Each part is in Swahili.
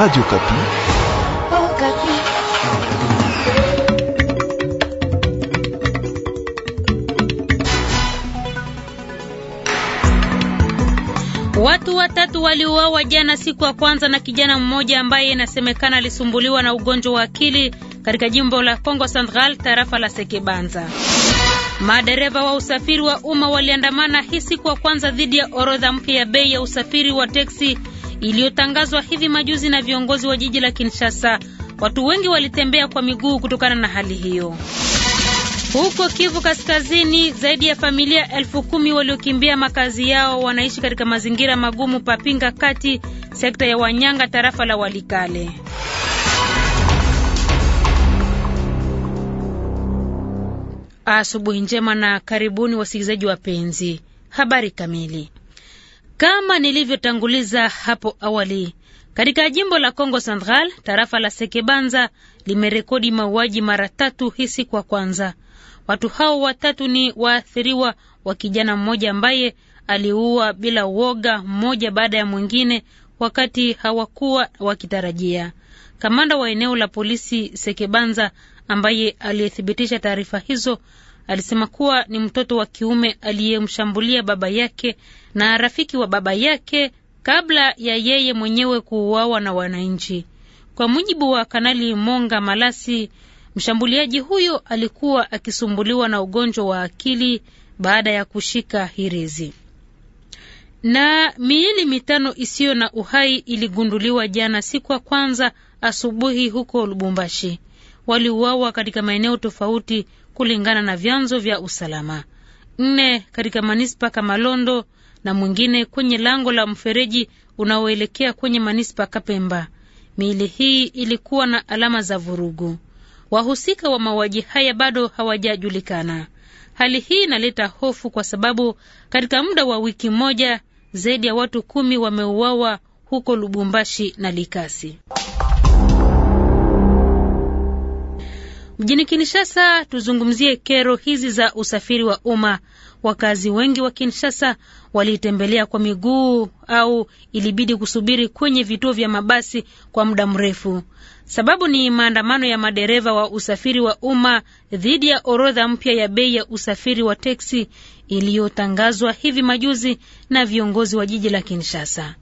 Radio Kapi. Oh, Kapi. Watu watatu waliuawa jana siku ya kwanza na kijana mmoja ambaye inasemekana alisumbuliwa na ugonjwa wa akili katika jimbo la Kongo Central tarafa la Sekebanza. Madereva wa usafiri wa umma waliandamana hii siku ya kwanza dhidi ya orodha mpya ya bei ya usafiri wa teksi iliyotangazwa hivi majuzi na viongozi wa jiji la Kinshasa. Watu wengi walitembea kwa miguu kutokana na hali hiyo. Huko Kivu Kaskazini, zaidi ya familia elfu kumi waliokimbia makazi yao wanaishi katika mazingira magumu Papinga Kati, sekta ya Wanyanga, tarafa la Walikale. Asubuhi njema na karibuni wasikilizaji wapenzi. Habari kamili. Kama nilivyotanguliza hapo awali, katika jimbo la congo Central, tarafa la Sekebanza limerekodi mauaji mara tatu hisi kwa kwanza. Watu hao watatu ni waathiriwa wa kijana mmoja ambaye aliua bila uoga, mmoja baada ya mwingine, wakati hawakuwa wakitarajia. Kamanda wa eneo la polisi Sekebanza ambaye aliyethibitisha taarifa hizo Alisema kuwa ni mtoto wa kiume aliyemshambulia baba yake na rafiki wa baba yake kabla ya yeye mwenyewe kuuawa na wananchi. Kwa mujibu wa Kanali Monga Malasi, mshambuliaji huyo alikuwa akisumbuliwa na ugonjwa wa akili baada ya kushika hirizi. Na miili mitano isiyo na uhai iligunduliwa jana siku ya kwanza asubuhi huko Lubumbashi waliuawa katika maeneo tofauti kulingana na vyanzo vya usalama. Nne katika manispa Kamalondo na mwingine kwenye lango la mfereji unaoelekea kwenye manispa Kapemba. Miili hii ilikuwa na alama za vurugu. Wahusika wa mauaji haya bado hawajajulikana. Hali hii inaleta hofu kwa sababu katika muda wa wiki moja zaidi ya watu kumi wameuawa huko Lubumbashi na Likasi. Mjini Kinshasa tuzungumzie kero hizi za usafiri wa umma. Wakazi wengi wa Kinshasa waliitembelea kwa miguu au ilibidi kusubiri kwenye vituo vya mabasi kwa muda mrefu. Sababu ni maandamano ya madereva wa usafiri wa umma dhidi ya orodha mpya ya bei ya usafiri wa teksi iliyotangazwa hivi majuzi na viongozi wa jiji la Kinshasa.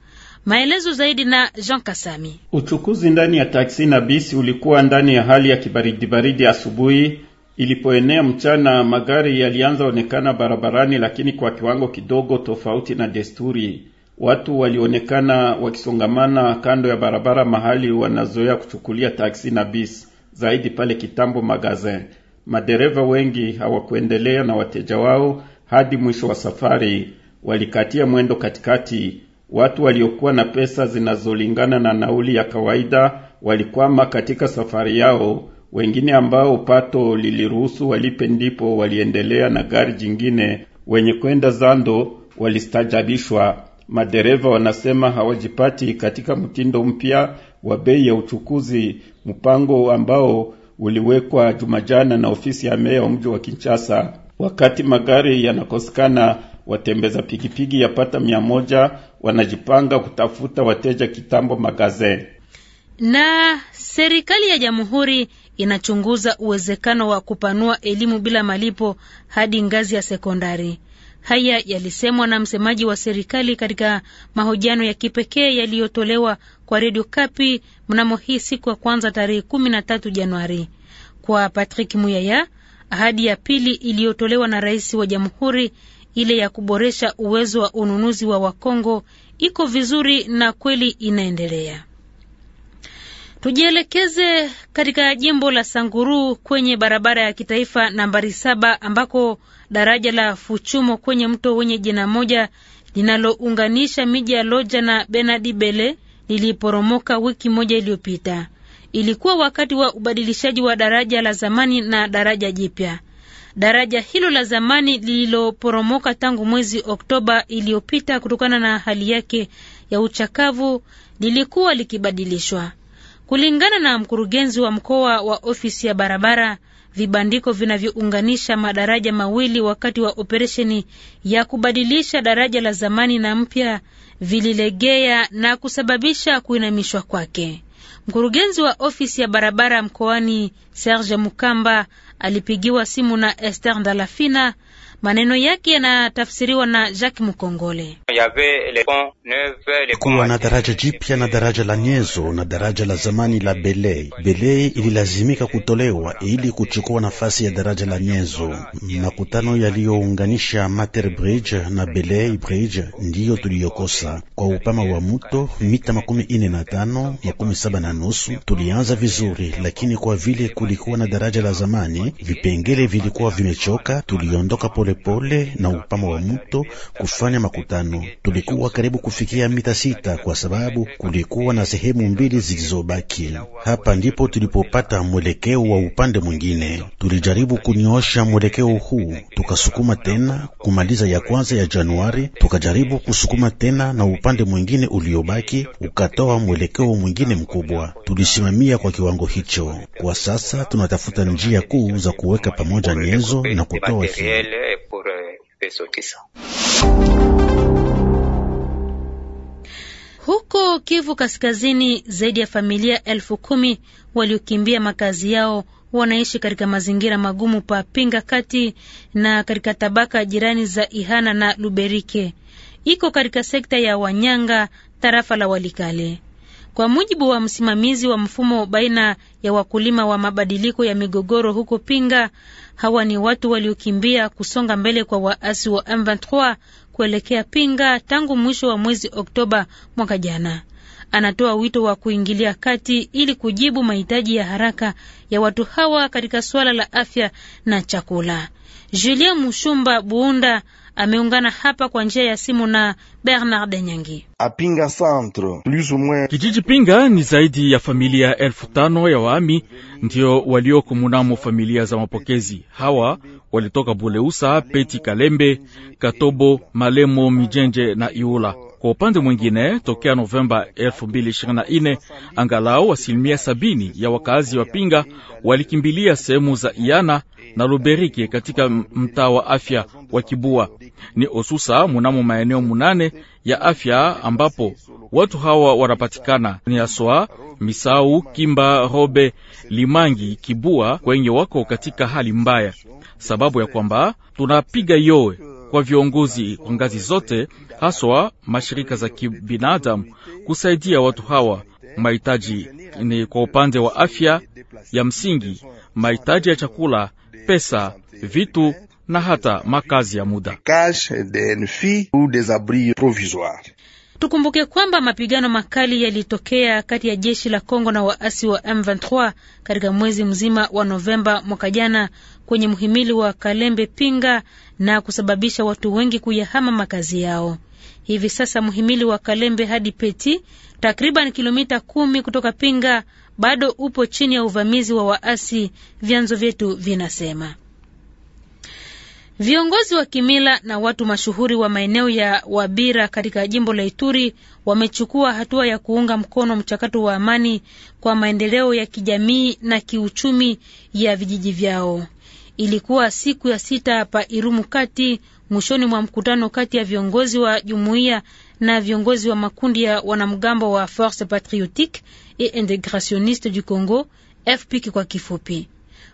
Maelezo zaidi na Jean Kasami. Uchukuzi ndani ya taksi na bisi ulikuwa ndani ya hali ya kibaridibaridi asubuhi. Ilipoenea mchana, magari yalianza onekana barabarani, lakini kwa kiwango kidogo tofauti na desturi. Watu walionekana wakisongamana kando ya barabara, mahali wanazoea kuchukulia taksi na bisi, zaidi pale Kitambo Magazin. Madereva wengi hawakuendelea na wateja wao hadi mwisho wa safari, walikatia mwendo katikati Watu waliokuwa na pesa zinazolingana na nauli ya kawaida walikwama katika safari yao. Wengine ambao pato liliruhusu walipe ndipo waliendelea na gari jingine. Wenye kwenda Zando walistajabishwa. Madereva wanasema hawajipati katika mtindo mpya wa bei ya uchukuzi, mpango ambao uliwekwa Jumajana na ofisi ya meya wa mji wa Kinshasa. Wakati magari yanakosekana, watembeza pikipiki yapata mia moja wanajipanga kutafuta wateja kitambo magazeni Na serikali ya jamhuri inachunguza uwezekano wa kupanua elimu bila malipo hadi ngazi ya sekondari. Haya yalisemwa na msemaji wa serikali katika mahojiano ya kipekee yaliyotolewa kwa redio Kapi mnamo hii siku ya kwanza tarehe kumi na tatu Januari. Kwa Patrick Muyaya, ahadi ya pili iliyotolewa na rais wa jamhuri ile ya kuboresha uwezo wa ununuzi wa Wakongo iko vizuri na kweli inaendelea. Tujielekeze katika jimbo la Sanguru kwenye barabara ya kitaifa nambari saba ambako daraja la Fuchumo kwenye mto wenye jina moja linalounganisha miji ya Loja na Benadi Bele liliporomoka wiki moja iliyopita. Ilikuwa wakati wa ubadilishaji wa daraja la zamani na daraja jipya. Daraja hilo la zamani lililoporomoka tangu mwezi Oktoba iliyopita kutokana na hali yake ya uchakavu lilikuwa likibadilishwa. Kulingana na mkurugenzi wa mkoa wa ofisi ya barabara, vibandiko vinavyounganisha madaraja mawili wakati wa operesheni ya kubadilisha daraja la zamani na mpya vililegea na kusababisha kuinamishwa kwake. Mkurugenzi wa ofisi ya barabara mkoani Serge Mukamba alipigiwa simu na Esther Ndalafina Maneno yake yanatafsiriwa na Jacques Mukongole. Kuwa na daraja jipya na daraja la nyezo na daraja la zamani la Belei. Belei ililazimika kutolewa ili kuchukua nafasi ya daraja la nyezo. Makutano yaliyounganisha Mater Bridge na Belei Bridge ndiyo tuliyokosa kwa upama wa muto mita makumi ine na tano makumi saba na nusu. Tulianza vizuri, lakini kwa vile kulikuwa na daraja la zamani, vipengele vilikuwa vimechoka, tuliondoka pole polepole na upamo wa mto kufanya makutano. Tulikuwa karibu kufikia mita sita kwa sababu kulikuwa na sehemu mbili zilizobaki. Hapa ndipo tulipopata mwelekeo wa upande mwingine. Tulijaribu kunyosha mwelekeo huu, tukasukuma tena kumaliza ya kwanza ya Januari, tukajaribu kusukuma tena na upande mwingine uliobaki ukatoa mwelekeo mwingine mkubwa. Tulisimamia kwa kiwango hicho. Kwa sasa tunatafuta njia kuu za kuweka pamoja nyenzo na kutoa hii peso tisa. Huko Kivu Kaskazini, zaidi ya familia elfu kumi waliokimbia makazi yao wanaishi katika mazingira magumu pa Pinga kati na katika tabaka jirani za Ihana na Luberike, iko katika sekta ya Wanyanga, tarafa la Walikale. Kwa mujibu wa msimamizi wa mfumo baina ya wakulima wa mabadiliko ya migogoro huko Pinga, Hawa ni watu waliokimbia kusonga mbele kwa waasi wa M23 kuelekea Pinga tangu mwisho wa mwezi Oktoba mwaka jana anatoa wito wa kuingilia kati ili kujibu mahitaji ya haraka ya watu hawa katika suala la afya na chakula. Julien Mushumba Buunda ameungana hapa kwa njia ya simu na Bernard Nyangi. Apinga centre plus ou moins kijiji Pinga ni zaidi ya familia elfu tano ya waami ndio walioko munamo familia za mapokezi. Hawa walitoka Buleusa, Peti, Kalembe, Katobo, Malemo, Mijenje na Iula. Kwa upande mwingine, tokea Novemba 2024 angalau asilimia sabini ya wakaazi wa Pinga walikimbilia sehemu za Iana na Luberiki katika mtaa wa afya wa Kibua, ni hususa munamo maeneo munane ya afya ambapo watu hawa wanapatikana ni aswa Misau, Kimba, Robe, Limangi, Kibua kwenye wako katika hali mbaya, sababu ya kwamba tunapiga yowe kwa viongozi wa ngazi zote, haswa mashirika za kibinadamu kusaidia watu hawa. Mahitaji ni kwa upande wa afya ya msingi, mahitaji ya chakula, pesa, vitu na hata makazi ya muda. Tukumbuke kwamba mapigano makali yalitokea kati ya jeshi la Kongo na waasi wa M23 katika mwezi mzima wa Novemba mwaka jana kwenye mhimili wa Kalembe Pinga na kusababisha watu wengi kuyahama makazi yao. Hivi sasa mhimili wa Kalembe hadi Peti, takriban kilomita kumi kutoka Pinga, bado upo chini ya uvamizi wa waasi, vyanzo vyetu vinasema. Viongozi wa kimila na watu mashuhuri wa maeneo ya Wabira katika jimbo la Ituri wamechukua hatua ya kuunga mkono mchakato wa amani kwa maendeleo ya kijamii na kiuchumi ya vijiji vyao. Ilikuwa siku ya sita hapa Irumu kati mwishoni mwa mkutano kati ya viongozi wa jumuiya na viongozi wa makundi ya wanamgambo wa Force Patriotique et Integrationniste du Congo, FPIC kwa kifupi.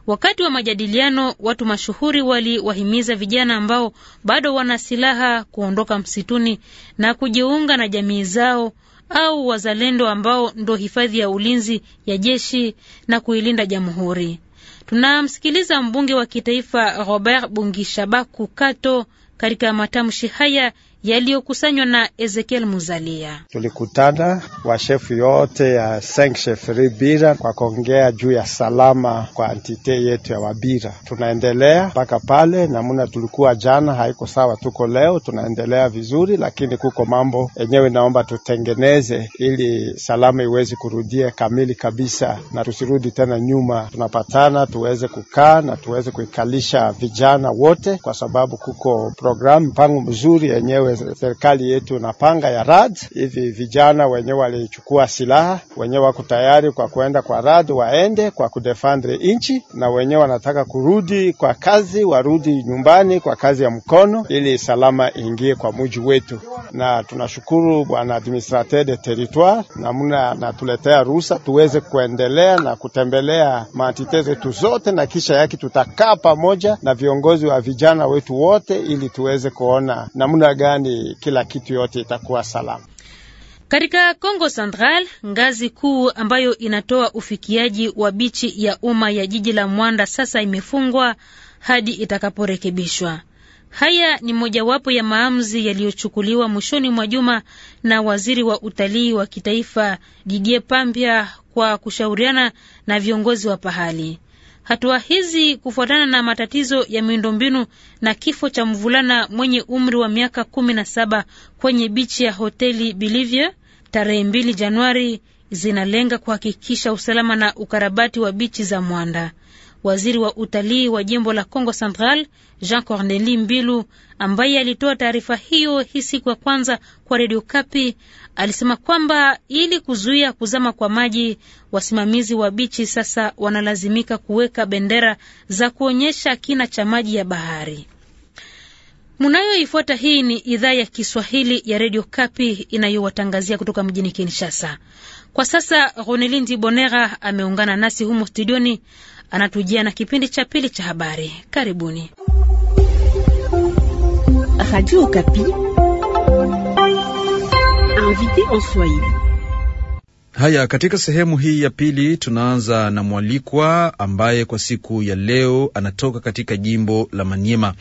Wakati wa majadiliano, watu mashuhuri waliwahimiza vijana ambao bado wana silaha kuondoka msituni na kujiunga na jamii zao au wazalendo ambao ndo hifadhi ya ulinzi ya jeshi na kuilinda jamhuri. Tunamsikiliza mbunge wa kitaifa Robert Bungishabaku Kato katika matamshi haya yaliyokusanywa na Ezekiel Muzalia. Tulikutana washefu yote ya Senk Shefri Bira kwa kuongea juu ya salama kwa antite yetu ya Wabira. Tunaendelea mpaka pale namuna tulikuwa jana, haiko sawa, tuko leo, tunaendelea vizuri, lakini kuko mambo yenyewe naomba tutengeneze ili salama iweze kurudia kamili kabisa na tusirudi tena nyuma. Tunapatana tuweze kukaa na tuweze kuikalisha vijana wote, kwa sababu kuko programu mpango mzuri yenyewe serikali yetu na panga ya rad. Hivi vijana wenyewe walichukua silaha, wenyewe wako tayari kwa kuenda kwa rad, waende kwa kudefendre inchi, na wenyewe wanataka kurudi kwa kazi, warudi nyumbani kwa kazi ya mkono, ili salama ingie kwa muji wetu na tunashukuru bwana administrateur de territoire namna anatuletea ruhusa tuweze kuendelea na kutembelea maantite zetu zote, na kisha yake tutakaa pamoja na viongozi wa vijana wetu wote, ili tuweze kuona namna gani kila kitu yote itakuwa salama. Katika Kongo Central, ngazi kuu ambayo inatoa ufikiaji wa bichi ya umma ya jiji la Mwanda sasa imefungwa hadi itakaporekebishwa. Haya ni mojawapo ya maamuzi yaliyochukuliwa mwishoni mwa juma na waziri wa utalii wa kitaifa Didier pambya kwa kushauriana na viongozi wa pahali. Hatua hizi kufuatana na matatizo ya miundombinu na kifo cha mvulana mwenye umri wa miaka kumi na saba kwenye bichi ya hoteli Bilivye tarehe mbili Januari zinalenga kuhakikisha usalama na ukarabati wa bichi za Mwanda waziri wa utalii wa jimbo la Congo Central Jean Corneli Mbilu, ambaye alitoa taarifa hiyo hii siku ya kwanza kwa redio Kapi, alisema kwamba ili kuzuia kuzama kwa maji, wasimamizi wa bichi sasa wanalazimika kuweka bendera za kuonyesha kina cha maji ya bahari. Munayoifuata hii ni idhaa ya Kiswahili ya redio Kapi inayowatangazia kutoka mjini Kinshasa. Kwa sasa Ronelindi Bonera ameungana nasi humo studioni anatujia na kipindi cha pili cha habari. Karibuni Radio Okapi, invité en Swahili. Haya, katika sehemu hii ya pili tunaanza na mwalikwa ambaye kwa siku ya leo anatoka katika jimbo la Maniema.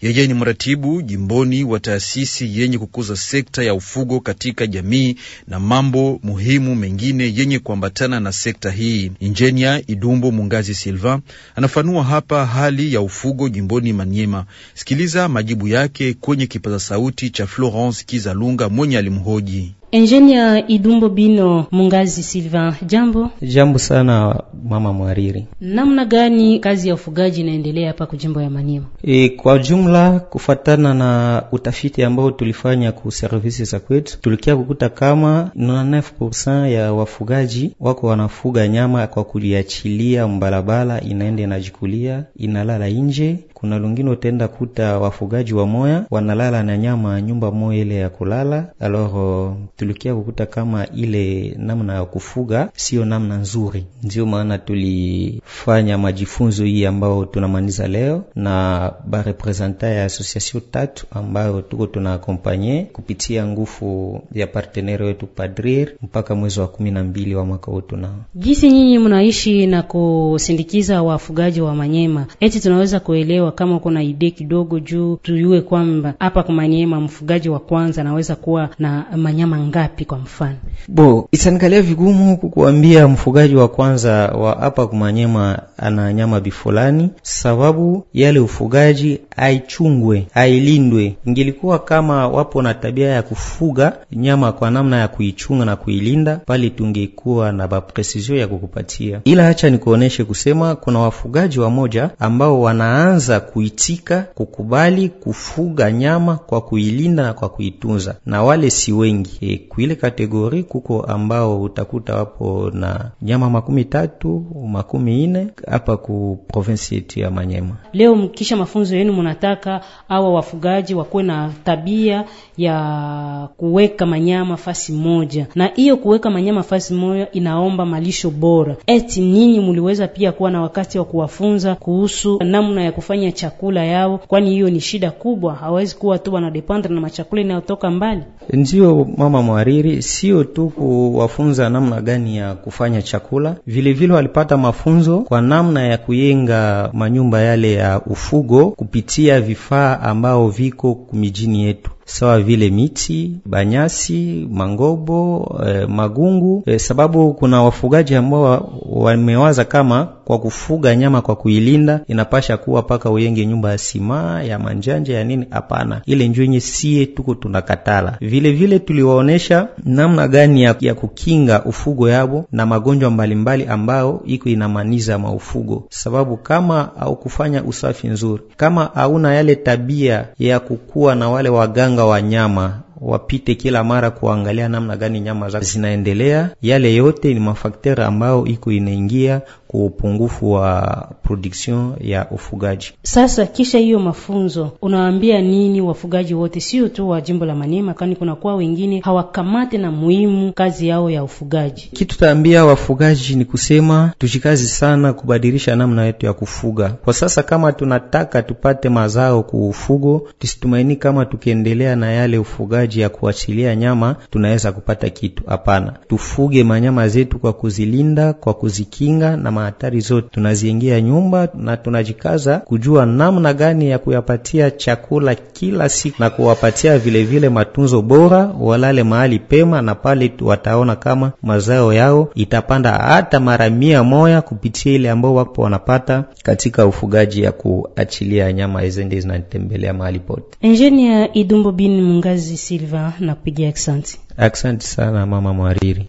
Yeye ni mratibu jimboni wa taasisi yenye kukuza sekta ya ufugo katika jamii na mambo muhimu mengine yenye kuambatana na sekta hii. Injenia Idumbo Mungazi Silva anafanua hapa hali ya ufugo jimboni Maniema. Sikiliza majibu yake kwenye kipaza sauti cha Florence Kizalunga mwenye alimhoji. Engineer Idumbo Bino Mungazi Silva, jambo. Jambo sana mama mwariri. Namna gani kazi ya ufugaji inaendelea hapa kujimbo ya Maniema? E, kwa jumla kufatana na utafiti ambao tulifanya ku services za kwetu tulikia kukuta kama 99% ya wafugaji wako wanafuga nyama kwa kuliachilia mbalabala, inaende inajikulia inalala nje kuna lungine utaenda kuta wafugaji wa moya wanalala na nyama nyumba moya ile ya kulala. Alors tulikia kukuta kama ile namna ya kufuga sio namna nzuri, ndio maana tulifanya majifunzo hii ambayo tunamaniza leo na barepresenta ya association tatu ambayo tuko tuna akompanye kupitia nguvu ya partenere wetu Padrir mpaka mwezi wa kumi na mbili wa mwaka huu. Tunao jinsi nyinyi mnaishi na kusindikiza wafugaji wa manyema, eti tunaweza kuelewa kama uko na idee kidogo juu tujue kwamba hapa kumanyema mfugaji wa kwanza anaweza kuwa na manyama ngapi kwa mfano. Bo, isanikalia vigumu kukuambia mfugaji wa kwanza wa hapa kumanyema ana nyama bifulani, sababu yale ufugaji aichungwe, ailindwe. Ingilikuwa kama wapo na tabia ya kufuga nyama kwa namna ya kuichunga na kuilinda, pale tungekuwa na precision ya kukupatia, ila hacha nikuoneshe kusema kuna wafugaji wamoja ambao wanaanza kuitika, kukubali, kufuga nyama kwa kuilinda na kwa kuitunza, na wale si wengi e, kuile kategori kuko ambao utakuta wapo na nyama makumi tatu makumi ine hapa ku province yetu ya Manyema. Leo mkisha mafunzo yenu, mnataka awa wafugaji wakuwe na tabia ya kuweka manyama fasi moja, na hiyo kuweka manyama fasi moja inaomba malisho bora. Eti nyinyi muliweza pia kuwa na wakati wa kuwafunza kuhusu namna ya kufanya wanywe chakula yao, kwani hiyo ni shida kubwa. Hawawezi kuwa tu wanadependre na machakula inayotoka mbali. Ndiyo mama mwariri, sio tu kuwafunza namna gani ya kufanya chakula, vilevile vile walipata mafunzo kwa namna ya kuyenga manyumba yale ya ufugo kupitia vifaa ambao viko kumijini yetu sawa vile miti, banyasi, mangobo, e, magungu e, sababu kuna wafugaji ambao wamewaza kama kwa kufuga nyama kwa kuilinda inapasha kuwa paka uyenge nyumba ya simaa ya manjanja ya nini. Hapana, ile njwenye sie tuko tunakatala. Vile vile tuliwaonesha namna gani ya, ya kukinga ufugo yabo na magonjwa mbalimbali ambao iko inamaniza maufugo, sababu kama au kufanya usafi nzuri, kama hauna yale tabia ya kukuwa na wale waganga waganga wa nyama wapite kila mara kuangalia namna gani nyama zao zinaendelea. Yale yote ni mafaktere ambayo iko inaingia kwa upungufu wa production ya ufugaji. Sasa kisha hiyo mafunzo, unawaambia nini wafugaji wote, sio tu wa jimbo la Maniema, kwani kunakuwa wengine hawakamate na muhimu kazi yao ya ufugaji? Kitu taambia wafugaji ni kusema tujikazi sana kubadilisha namna yetu ya kufuga kwa sasa. Kama tunataka tupate mazao ku ufugo, tusitumaini kama tukiendelea na yale ufugaji ya kuachilia nyama tunaweza kupata kitu. Hapana, tufuge manyama zetu kwa kuzilinda, kwa kuzikinga na mahatari zote, tunaziingia nyumba na tunajikaza kujua namna gani ya kuyapatia chakula kila siku na kuwapatia vilevile vile matunzo bora, walale mahali pema, na pale wataona kama mazao yao itapanda hata mara mia moya kupitia ile ambao wapo wanapata katika ufugaji ya kuachilia nyama izende zinatembelea mahali pote. Engineer Idumbo bin Mungazi Silva, nakupigia aksanti. Aksanti sana mama mwariri.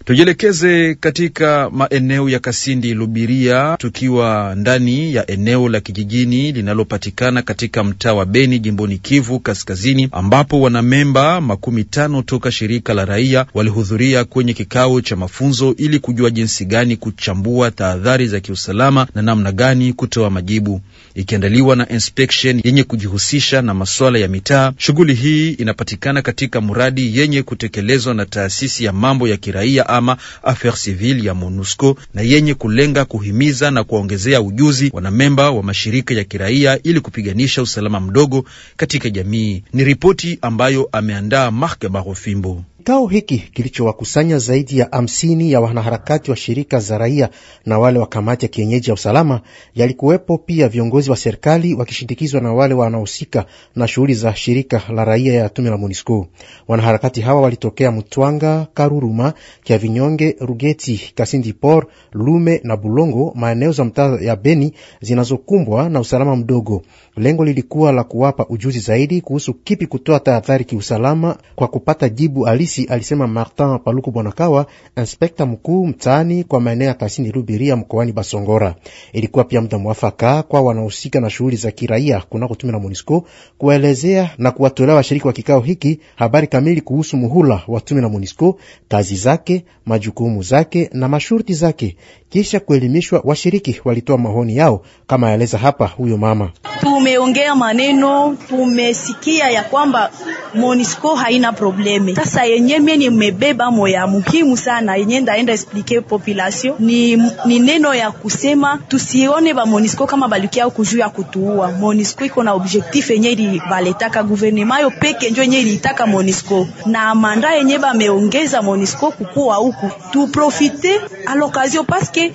Tujielekeze katika maeneo ya Kasindi Lubiria, tukiwa ndani ya eneo la kijijini linalopatikana katika mtaa wa Beni, jimboni Kivu Kaskazini, ambapo wanamemba makumi tano toka shirika la raia walihudhuria kwenye kikao cha mafunzo ili kujua jinsi gani kuchambua tahadhari za kiusalama na namna gani kutoa majibu, ikiandaliwa na inspection yenye kujihusisha na masuala ya mitaa. Shughuli hii inapatikana katika mradi yenye kutekelezwa na taasisi ya mambo ya kiraia usalama Affaire Civile ya MONUSCO na yenye kulenga kuhimiza na kuwaongezea ujuzi wanamemba wa mashirika ya kiraia ili kupiganisha usalama mdogo katika jamii. Ni ripoti ambayo ameandaa Mark Barofimbo. Kikao hiki kilichowakusanya zaidi ya hamsini ya wanaharakati wa shirika za raia na wale wa kamati ya kienyeji ya usalama, yalikuwepo pia viongozi wa serikali wakishindikizwa na wale wanaohusika na shughuli za shirika la raia ya tume la MONUSCO. Wanaharakati hawa walitokea Mtwanga, Karuruma, Kyavinyonge, Rugeti, Kasindi Port, Lume na Bulongo, maeneo za mtaa ya Beni zinazokumbwa na usalama mdogo. Lengo lilikuwa la kuwapa ujuzi zaidi kuhusu kipi kutoa tahadhari kiusalama kwa kupata jibu halisi polisi, alisema Martin Paluku Bwanakawa, inspekta mkuu mtaani kwa maeneo ya Kasindi Lubiria mkoani Basongora. Ilikuwa pia muda mwafaka kwa wanahusika na shughuli za kiraia kunakotumiwa na MONUSCO kuwaelezea na kuwatolea washiriki wa kikao hiki habari kamili kuhusu muhula wa tume na MONUSCO, kazi zake, majukumu zake na masharti zake. Kisha kuelimishwa, washiriki walitoa maoni yao kama yaeleza hapa huyo mama. Tumeongea maneno, tumesikia ya kwamba MONUSCO haina probleme sasa yenye mie nimebeba moya muhimu sana yenye ndaenda explique population ni, ni neno ya kusema tusione ba Monisco kama balikia kujuu ya kutuua. Monisco iko na objectif yenye ili baletaka guvernema yo peke njo yenye iliitaka Monisco na manda yenye bameongeza Monisco kukua huku, tuprofite a l'occasion parce que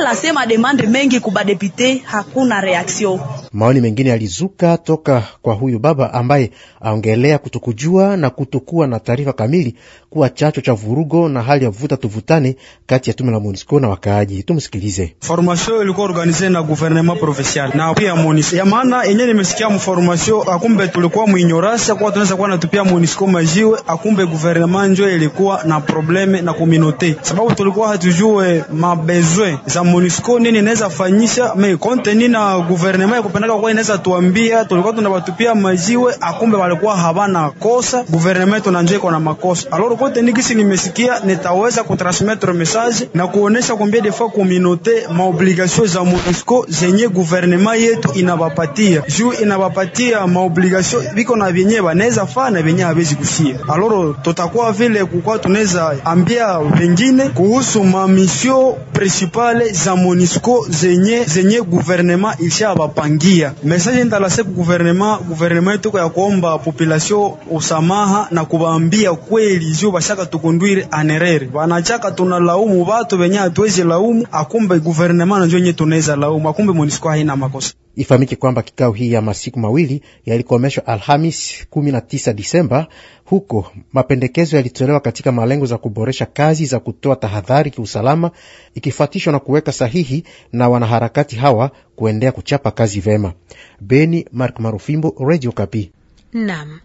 la sema demande mengi kubadepite, hakuna reaction Maoni mengine yalizuka toka kwa huyu baba ambaye aongelea kutokujua na kutokuwa na taarifa kamili kuwa chacho cha vurugo na hali ya vuta tuvutane kati ya tume la MONUSCO na wakaaji. Tumsikilize. Formation ilikuwa organize na gouvernement provincial na pia MONUSCO ya maana yenye nimesikia mformasio, akumbe tulikuwa mwinyorasa kwa tunaweza kuwa natupia MONUSCO majiwe, akumbe gouvernement njo ilikuwa na probleme na communauté, sababu tulikuwa hatujue mabezwe za MONUSCO nini inaweza fanyisha me konte nini gouvernement ya kupenda Sadek kwa inaweza tuambia, tulikuwa tunabatupia majiwe, akumbe walikuwa habana kosa. government na njoo iko na makosa. Alors kote nikisi nimesikia, nitaweza kutransmettre message na kuonesha kwambia des fois communauté ma maobligation za MONUSCO zenye gouvernement yetu inabapatia juu inabapatia ma maobligation biko na vyenye banaweza fana na vyenye hawezi kusia. Alors tutakuwa vile kukua tunaweza ambia wengine kuhusu ma mission principale za MONUSCO zenye zenye gouvernement isha bapangia kuingia message ndalase ku guvernema gouvernement itoko ya kuomba population usamaha na kubambia kweli zio bashaka tukundwire anerere banachaka tunalaumu batu benye hatuwezi laumu akumbe guvernema na njo tunaweza laumu akumbe MONUSCO haina makosa Ifahamike kwamba kikao hii ya masiku mawili yalikomeshwa Alhamis 19 Disemba. Huko mapendekezo yalitolewa katika malengo za kuboresha kazi za kutoa tahadhari kiusalama, ikifuatishwa na kuweka sahihi na wanaharakati hawa kuendea kuchapa kazi vema. Beni, Mark Marufimbo, Radio Kapi. Naam,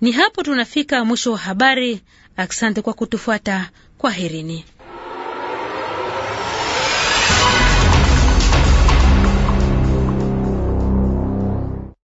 ni hapo tunafika mwisho wa habari. Asante kwa kutufuata, kwaherini.